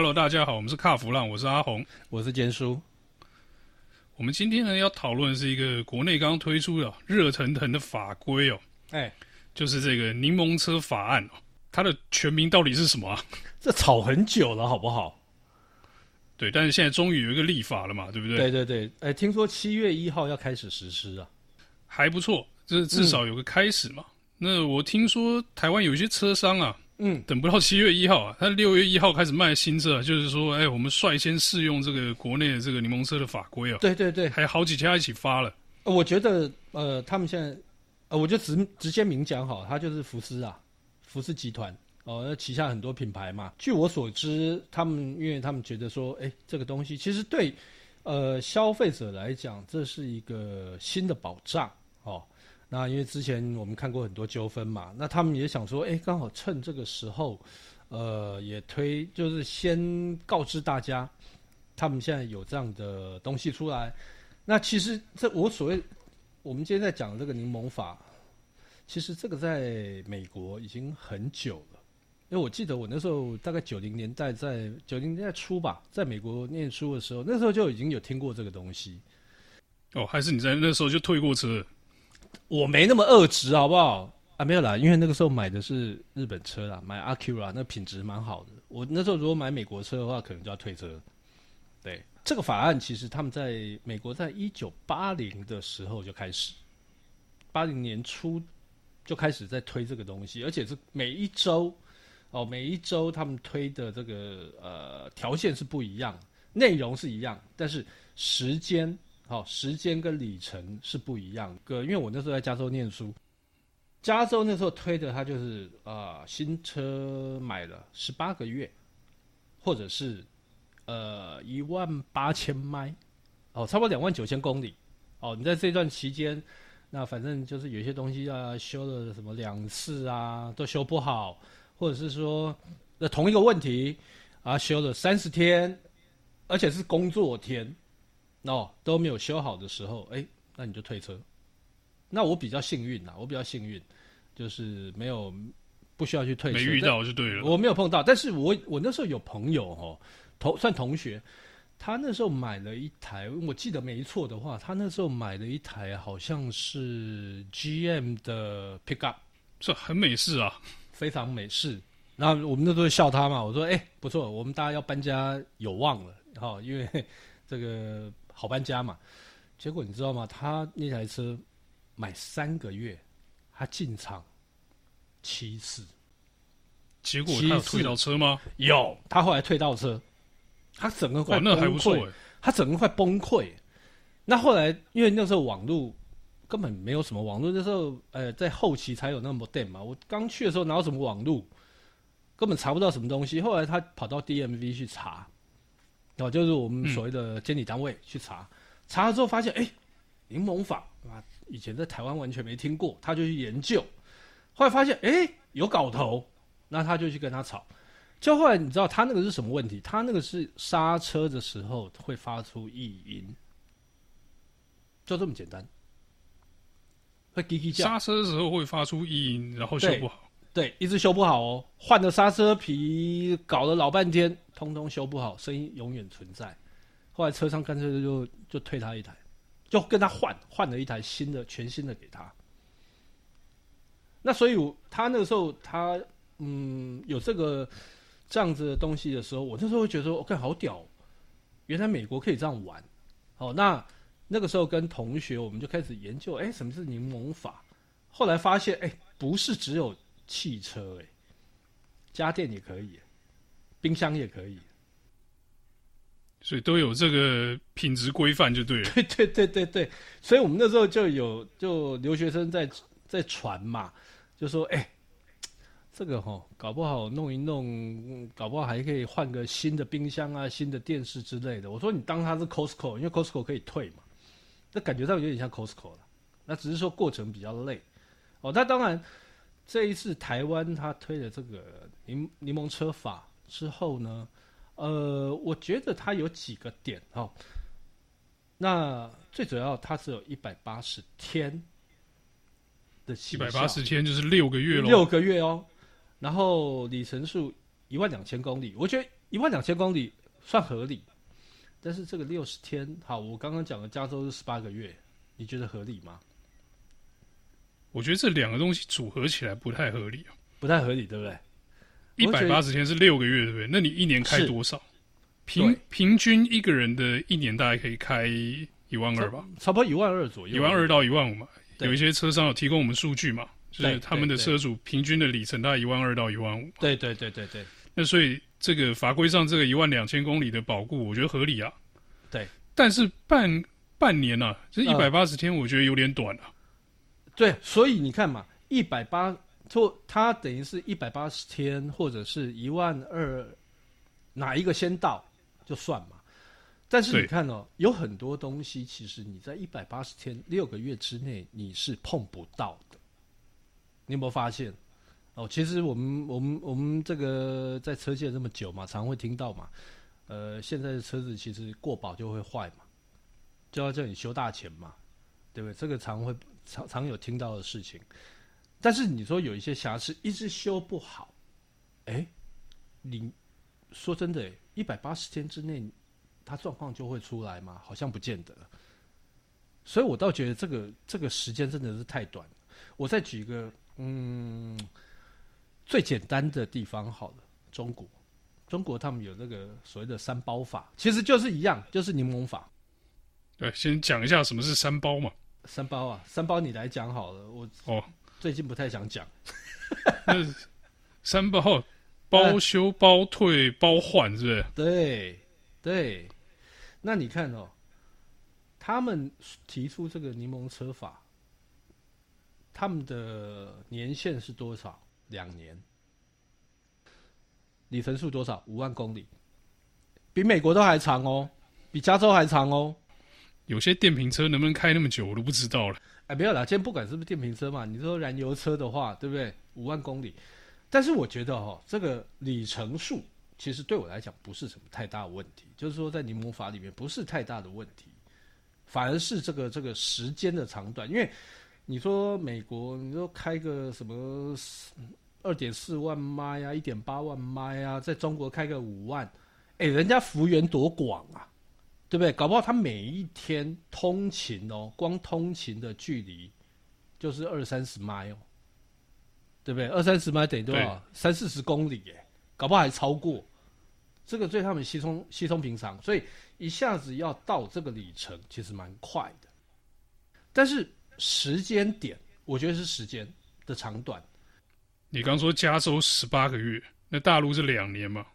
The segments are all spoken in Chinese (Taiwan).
Hello，大家好，我們是卡弗浪，我是阿紅，我是堅叔。我們今天呢要討論的是一個國內剛推出的熱騰騰的法規哦，哎、欸，就是這個檸檬車法案哦，它的全名到底是什麼啊？這吵很久了，好不好？對，但是現在終於有一個立法了嘛，對不對？對對對，哎、欸，聽說七月一號要開始實施啊，還不錯，就至少有個開始嘛。嗯、那我聽說台灣有一些車商啊。嗯，等不到七月一號啊，他六月一號開始賣新車，就是說，哎、欸，我們率先試用這個國內的這個檸檬車的法規啊。對對對，還有好幾家一起發了、呃。我覺得，呃，他們現在，呃，我就直直接明講好，他就是福斯啊，福斯集團哦、呃，那旗下很多品牌嘛。據我所知，他們因為他們覺得說，哎、欸，這個東西其實對，呃，消費者來講，這是一個新的保障哦。呃那因為之前我們看過很多糾紛嘛，那他們也想說，哎、欸，剛好趁這個時候，呃，也推就是先告知大家，他們現在有這樣的東西出來。那其實這我所謂，我們今天在講這個檸檬法，其實這個在美國已經很久了。因為我記得我那時候大概九零年代，在九零年代初吧，在美國念書的時候，那時候就已經有聽過這個東西。哦，還是你在那時候就退過車？我沒那麼惡質，好不好啊？沒有啦，因為那個時候買的是日本車啦，買 Acura 啦，那品質蠻好的。我那時候如果買美國車的話，可能就要退車。對，這個法案其實他們在美國在一九八零的時候就開始，八零年初就開始在推這個東西，而且是每一州哦，每一州他們推的這個呃條件是不一樣，內容是一樣，但是時間。好、哦，時間跟里程是不一樣的，因為我那時候在加州念書，加州那時候推的它就是啊、呃，新車買了十八個月，或者是呃一萬八千邁，哦，差不多兩萬九千公里。哦，你在這段期間，那反正就是有些東西啊修了什麼兩次啊都修不好，或者是說那同一個問題啊修了三十天，而且是工作天。哦，都沒有修好的時候，哎，那你就退車。那我比較幸運啊，我比較幸運，就是沒有不需要去退車。沒遇到就對了。我沒有碰到，但是我我那時候有朋友哦，同算同學，他那時候買了一台，我記得沒錯的話，他那時候買了一台，好像是 GM 的 Pickup，這很美式啊，非常美式。那我們那時候笑他嘛，我說，哎，不錯，我們大家要搬家有望了哈，哦，因為這個。好搬家嘛？結果你知道嗎？他那台車買三個月，他進廠七次，結果他退到車嗎？有，他後來退到車，他整個快、那個、還不錯、欸。他整個快崩潰。那後來因為那時候網絡根本沒有什麼網絡，那時候呃在後期才有那麼多電嘛。我剛去的時候哪有什麼網絡，根本查不到什麼東西。後來他跑到 DMV 去查。哦，就是我們所謂的監理單位去查，嗯，查了之後發現，哎，欸，檸檬法啊，以前在台灣完全沒聽過，他就去研究，後來發現，哎，欸，有搞頭，嗯，那他就去跟他吵，就後來你知道他那個是什麼問題？他那個是剎車的時候會發出異音，就這麼簡單，會嘰嘰叫。剎車的時候會發出異音，然後修不好。對，一直修不好哦，換了剎車皮，搞了老半天，通通修不好，聲音永遠存在。後來車商乾脆就就退他一台，就跟他換，換了一台新的、全新的給他。那所以，他那個時候，他嗯有這個這樣子的東西的時候，我那時候會覺得說，我、哦、靠，好屌、哦！原來美國可以這樣玩。好、哦，那那個時候跟同學我們就開始研究，哎，什麼是檸檬法？後來發現，哎，不是只有。汽車哎，家電也可以，冰箱也可以，所以都有這個品質規範就對了。對對對對對，所以我們那時候就有就留學生在在傳嘛，就說哎、欸，這個吼、哦、搞不好弄一弄，嗯、搞不好還可以換個新的冰箱啊，新的電視之類的。我說你當它是 Costco，因為 Costco 可以退嘛，那感覺上有點像 Costco 了。那只是說過程比較累哦，那當然。這一次台灣他推了這個檸檸檬車法之後呢，呃，我覺得他有幾個點哦。那最主要他只有一百八十天的，一百八十天就是六個月咯，六個月哦。然後里程數一萬兩千公里，我覺得一萬兩千公里算合理，但是這個六十天，好，我剛剛講的加州是十八個月，你覺得合理嗎？我覺得這兩個東西組合起來不太合理啊，不太合理，對不對？一百八十天是六個月，對不對？那你一年開多少？平平均一個人的一年大概可以開一萬二吧，差不多一萬二左右，一萬二到一萬五嘛。有一些車商有提供我們數據嘛，就是他們的車主平均的里程大概一萬二到一萬五。對對對對對。那所以這個法規上這個一萬兩千公里的保固，我覺得合理啊。對。但是半半年呢，啊，這一百八十天，我覺得有點短啊。呃對，所以你看嘛，一百八，就它等於是一百八十天，或者是一萬二，哪一個先到就算嘛。但是你看哦，有很多東西其實你在一百八十天六個月之內你是碰不到的。你有沒有發現？哦，其實我們我們我們這個在車界這麼久嘛，常會聽到嘛。呃，現在的車子其實過保就會壞嘛，就要叫你修大錢嘛，對不對？這個常會。常常有聽到的事情，但是你說有一些瑕疵一直修不好，哎，你說真的欸，一百八十天之內，它狀況就會出來嗎？好像不見得，所以我倒覺得這個這個時間真的是太短。我再舉一個，嗯，最簡單的地方好了，中國，中國他們有那個所謂的三包法，其實就是一樣，就是檸檬法。對，先講一下什麼是三包嘛。三包啊，三包你來講好了。我哦，最近不太想講。哦、 三包，包修、包退、包換，是不是？對對。那你看哦、喔，他們提出這個檸檬車法，他們的年限是多少？兩年。里程數多少？五萬公里，比美國都還長哦、喔，比加州還長哦、喔。有些電瓶車能不能開那麼久，我都不知道了。哎，沒有啦，今天不管是不是電瓶車嘛，你說燃油車的話，對不對？五萬公里，但是我覺得哈、哦，這個里程數其實對我來講不是什麼太大的問題，就是說在檸檬法裡面不是太大的問題，反而是這個這個時間的長短。因為你說美國，你說開個什麼二點四萬邁呀，啊，一點八萬邁呀，啊，在中國開個五萬，哎，人家幅員多廣啊。對不對？搞不好他每一天通勤哦，光通勤的距離就是二三十 mile，對不對？二三十 mile 等於多少？三四十公里耶，搞不好還超過。這個對他們稀鬆稀鬆平常，所以一下子要到這個里程其實蠻快的。但是時間點，我覺得是時間的長短。你剛說加州十八個月，那大陸是兩年嘛？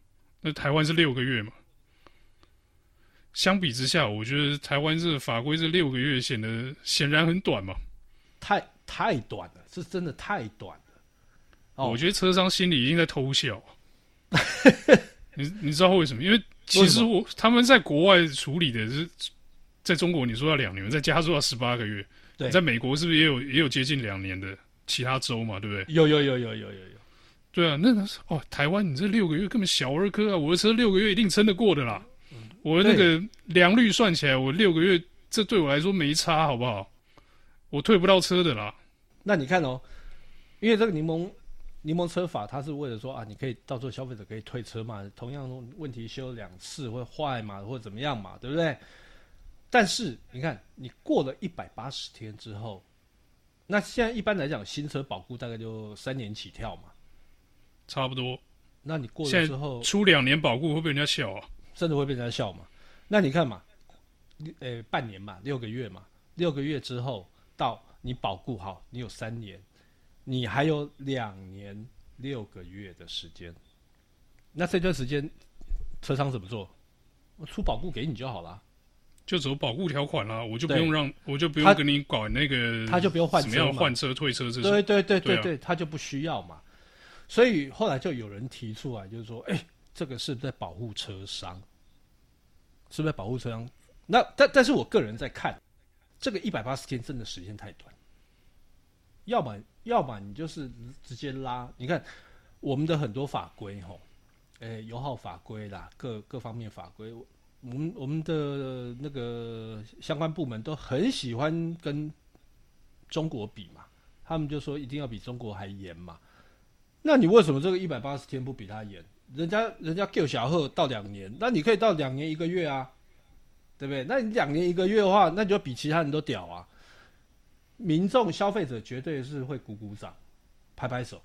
那台灣是六個月嘛？相比之下，我覺得台灣這法規這六個月顯得顯然很短嘛，太太短了，是真的太短了，哦。我覺得車商心裡一定在偷笑。 你你知道為什麼？因為其實我他們在國外處理的是，在中國你說要兩年，在、嗯、加州要十八個月對，在美國是不是也有也有接近兩年的其他州嘛？對不對？有有有有有有有，有，對啊，那個、哦，台灣你這六個月根本小兒科啊！我的車六個月一定撐得過的啦。我的那個良率算起來，我六個月，這對我來說沒差，好不好？我退不到車的啦。那你看哦，因為這個檸檬檸檬車法，它是為了說啊，你可以到時候消費者可以退車嘛，同樣問題修兩次或壞嘛，或者怎麼樣嘛，對不對？但是你看，你過了一百八十天之後，那現在一般來講，新車保固大概就三年起跳嘛，差不多。那你過現在之後出兩年保固會被人家笑啊？甚至會變成笑嘛。那你看嘛，呃、欸，半年嘛，六個月嘛，六個月之後到你保固好，你有三年，你還有兩年六個月的時間。那這段時間，車商怎麼做？我出保固給你就好了，就走保固條款啦，我就不用讓，我就不用跟你管那個他，他就不用換車嘛，換車退車這種，對對對對對、對、啊，他就不需要嘛。所以後來就有人提出來，就是說，哎、欸。這個是，是在保護車商，是不是在保護車商？那但但是我個人在看，這個一百八十天真的時間太短，要麼要麼你就是直接拉。你看我們的很多法規吼、哦，哎、欸，油耗法規啦，各各方面法規，我我們我們的那個相關部門都很喜歡跟中國比嘛，他們就說一定要比中國還嚴嘛，那你為什麼這個一百八十天不比他嚴？人家人家救小賀到兩年，那你可以到兩年一個月啊，對不對？那你兩年一個月的話，那就比其他人都屌啊！民眾消費者絕對是會鼓鼓掌、拍拍手。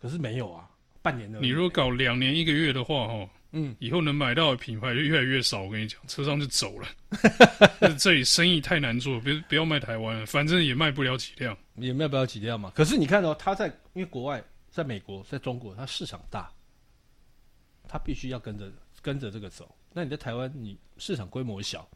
可是沒有啊，半年的。你如果搞兩年一個月的話，哦，嗯，以後能買到的品牌就越來越少。我跟你講，車商就走了， 這裡生意太難做，不要不要賣台灣了，反正也賣不了幾輛，也賣不了幾輛嘛。可是你看到、哦、他在，因為國外，在美國，在中國，它市場大。他必須要跟着跟着這個走，那你在台灣，你市場規模小，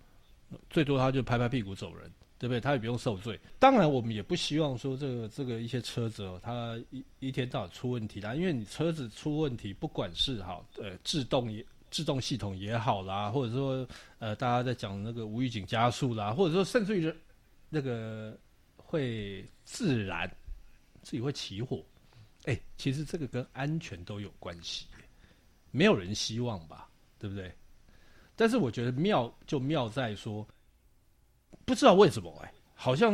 最多他就拍拍屁股走人，對不對？他也不用受罪。當然，我們也不希望說，這個這個一些車子哦，它一一天到晚出問題啦。因為你車子出問題，不管是好呃制動也制動系統也好啦，或者說呃大家在講那個無預警加速啦，或者說甚至於那個會自燃，自己會起火，哎，其實這個跟安全都有關係。沒有人希望吧，對不對？但是我覺得妙就妙在說，不知道為什麼哎，好像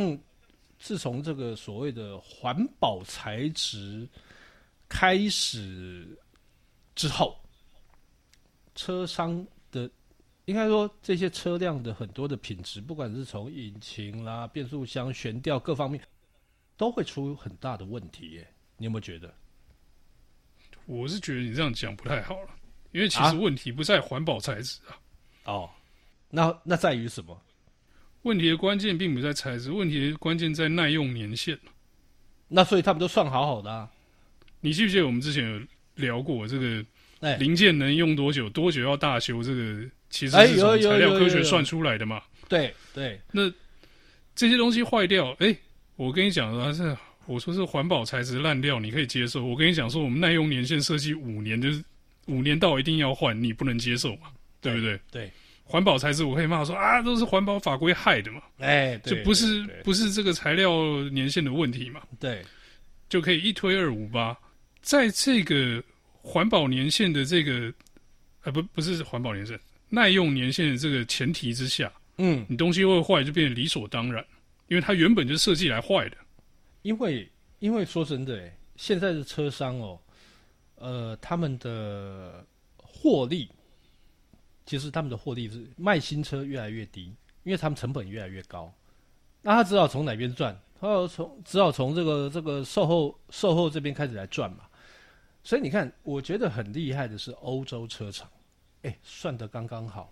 自從這個所謂的環保材質開始之後，車商的應該說這些車輛的很多的品質，不管是從引擎啦、變速箱、懸吊各方面，都會出很大的問題耶。你有沒有覺得？我是覺得你這樣講不太好了，因為其實問題不在環保材質啊，啊。哦，那那在於什麼？問題的關鍵並不在材質，問題的關鍵在耐用年限。那所以他們都算好好的、啊。你記不記得我們之前有聊過這個、欸、零件能用多久，多久要大修？這個其實是從材料科學算出來的嘛。欸、對對，那這些東西壞掉，哎、欸，我跟你講還是。我說是環保材質爛掉，你可以接受。我跟你講說，我們耐用年限設計五年，就是五年到一定要換，你不能接受嘛？對不對？對。對環保材質，我可以罵說啊，都是環保法規害的嘛。哎、欸，對，就不是對對對不是這個材料年限的問題嘛。對。就可以一推二五八，在這個環保年限的這個，呃，不，不是環保年限，耐用年限的這個前提之下，嗯，你東西會壞就變得理所當然，因為它原本就設計來壞的。因為，因為說真的，現在的車商哦，呃，他們的獲利，其實他們的獲利是賣新車越來越低，因為他們成本越來越高。那他只好從哪邊賺？他要從只好從這個這個售後售後這邊開始來賺嘛。所以你看，我覺得很厲害的是歐洲車廠，哎，算得剛剛好，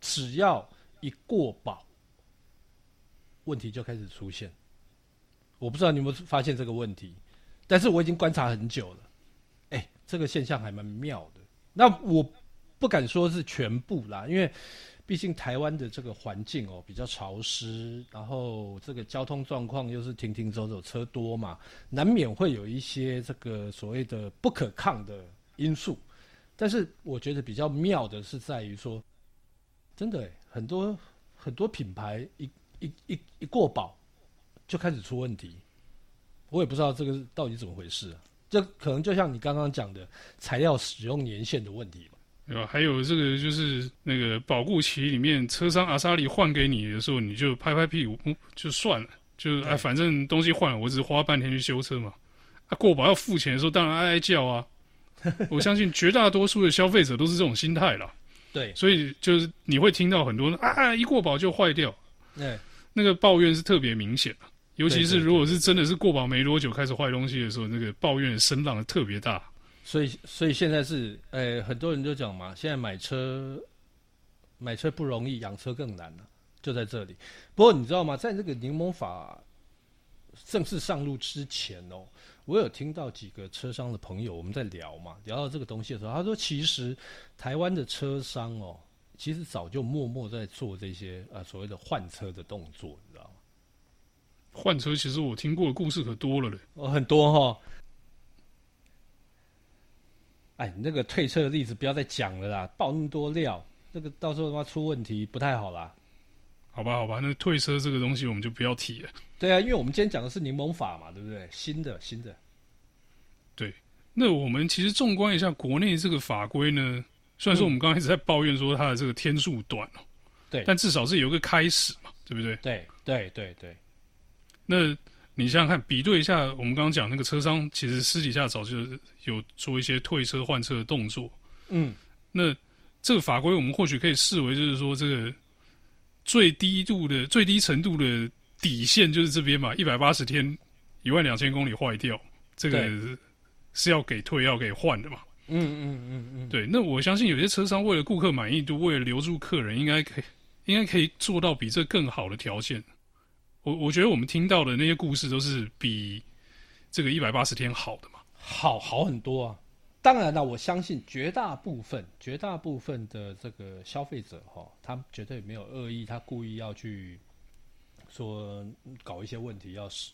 只要一過保，問題就開始出現。我不知道你有沒有發現這個問題，但是我已經觀察很久了，哎、欸，這個現象還蠻妙的。那我不敢說是全部啦，因為畢竟台灣的這個環境哦、喔，比較潮濕，然後這個交通狀況又是停停走走，車多嘛，難免會有一些這個所謂的不可抗的因素。但是我覺得比較妙的是在於說，真的欸，很多很多品牌一一一一過保。就開始出問題，我也不知道這個到底怎麼回事啊。這可能就像你剛剛講的材料使用年限的問題吧。對吧、啊？還有這個就是那個保固期裡面，車商阿莎利換給你的時候，你就拍拍屁股就算了，就哎反正東西換了，我只是花半天去修車嘛。啊過保要付錢的時候，當然哀哀叫啊。 我相信絕大多數的消費者都是這種心態啦。對，所以就是你會聽到很多人啊，啊一過保就壞掉，對，那個抱怨是特別明顯。尤其是如果是真的是過保沒多久開始壞東西的時候，對對對對對對，那個抱怨聲浪特別大。所以，所以現在是，呃、欸，很多人就講嘛，現在買車，買車不容易，養車更難了，就在這裡。不過你知道嗎？在那個檸檬法正式上路之前哦，我有聽到幾個車商的朋友，我們在聊嘛，聊到這個東西的時候，他說，其實台灣的車商哦，其實早就默默在做這些啊所謂的換車的動作，你知道嗎？換車其實我聽過的故事可多了嘞，哦，很多哈。哎，那個退車的例子不要再講了啦，爆那麼多料，那個到時候的話出問題不太好啦。好吧，好吧，那退車這個東西我們就不要提了。對啊，因為我們今天講的是檸檬法嘛，對不對？新的，新的。對，那我們其實縱觀一下國內這個法規呢，雖然說我們剛才一直在抱怨說它的這個天數短哦、嗯，對，但至少是有一個開始嘛，對不對？對，對，對，對。那，你想想看，比對一下，我們剛剛講那個車商，其實私底下早就有做一些退車換車的動作。嗯，那這個法規，我們或許可以視為就是說，這個最低度的、最低程度的底線就是這邊嘛，一百八十天，一萬兩千公里壞掉，這個是要給退要給換的嘛？嗯嗯嗯嗯，對，那我相信有些車商為了顧客滿意度，為了留住客人，應該可以，應該可以做到比這更好的條件。我我覺得我們聽到的那些故事都是比這個一百八十天好的嘛，好好很多啊。當然了，我相信絕大部分、絕大部分的這個消費者哈、哦，他絕對沒有惡意，他故意要去說搞一些問題要，要是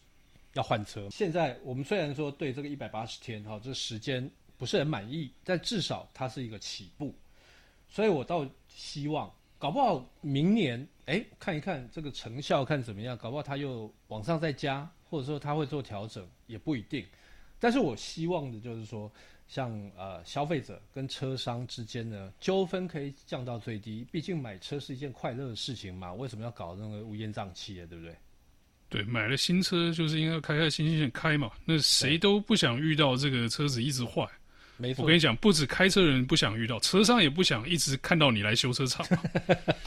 要換車。現在我們雖然說對這個一百八十天哈、哦，這時間不是很滿意，但至少它是一個起步。所以我倒希望，搞不好明年。哎，看一看這個成效看怎麼樣，搞不好他又往上再加，或者說他會做調整也不一定。但是我希望的就是說，像呃消費者跟車商之間呢糾紛可以降到最低。畢竟買車是一件快樂的事情嘛，為什麼要搞那個烏煙瘴氣的，對不對？對，買了新車就是應該開開心心的開嘛。那誰都不想遇到這個車子一直壞。沒錯。我跟你講，不止開車人不想遇到，車商也不想一直看到你來修車廠。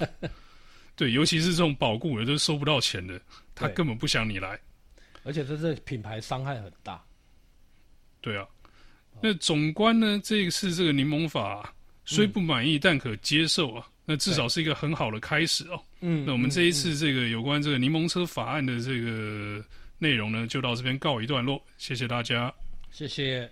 對，尤其是這種保固的，都是收不到錢的，他根本不想你來。而且這是品牌傷害很大。對啊，那總觀呢，這一次這個檸檬法、啊、雖不滿意、嗯，但可接受啊。那至少是一個很好的開始哦。嗯、哦，那我們這一次這個有關這個檸檬車法案的這個內容呢，嗯嗯嗯、就到這邊告一段落。謝謝大家，謝謝。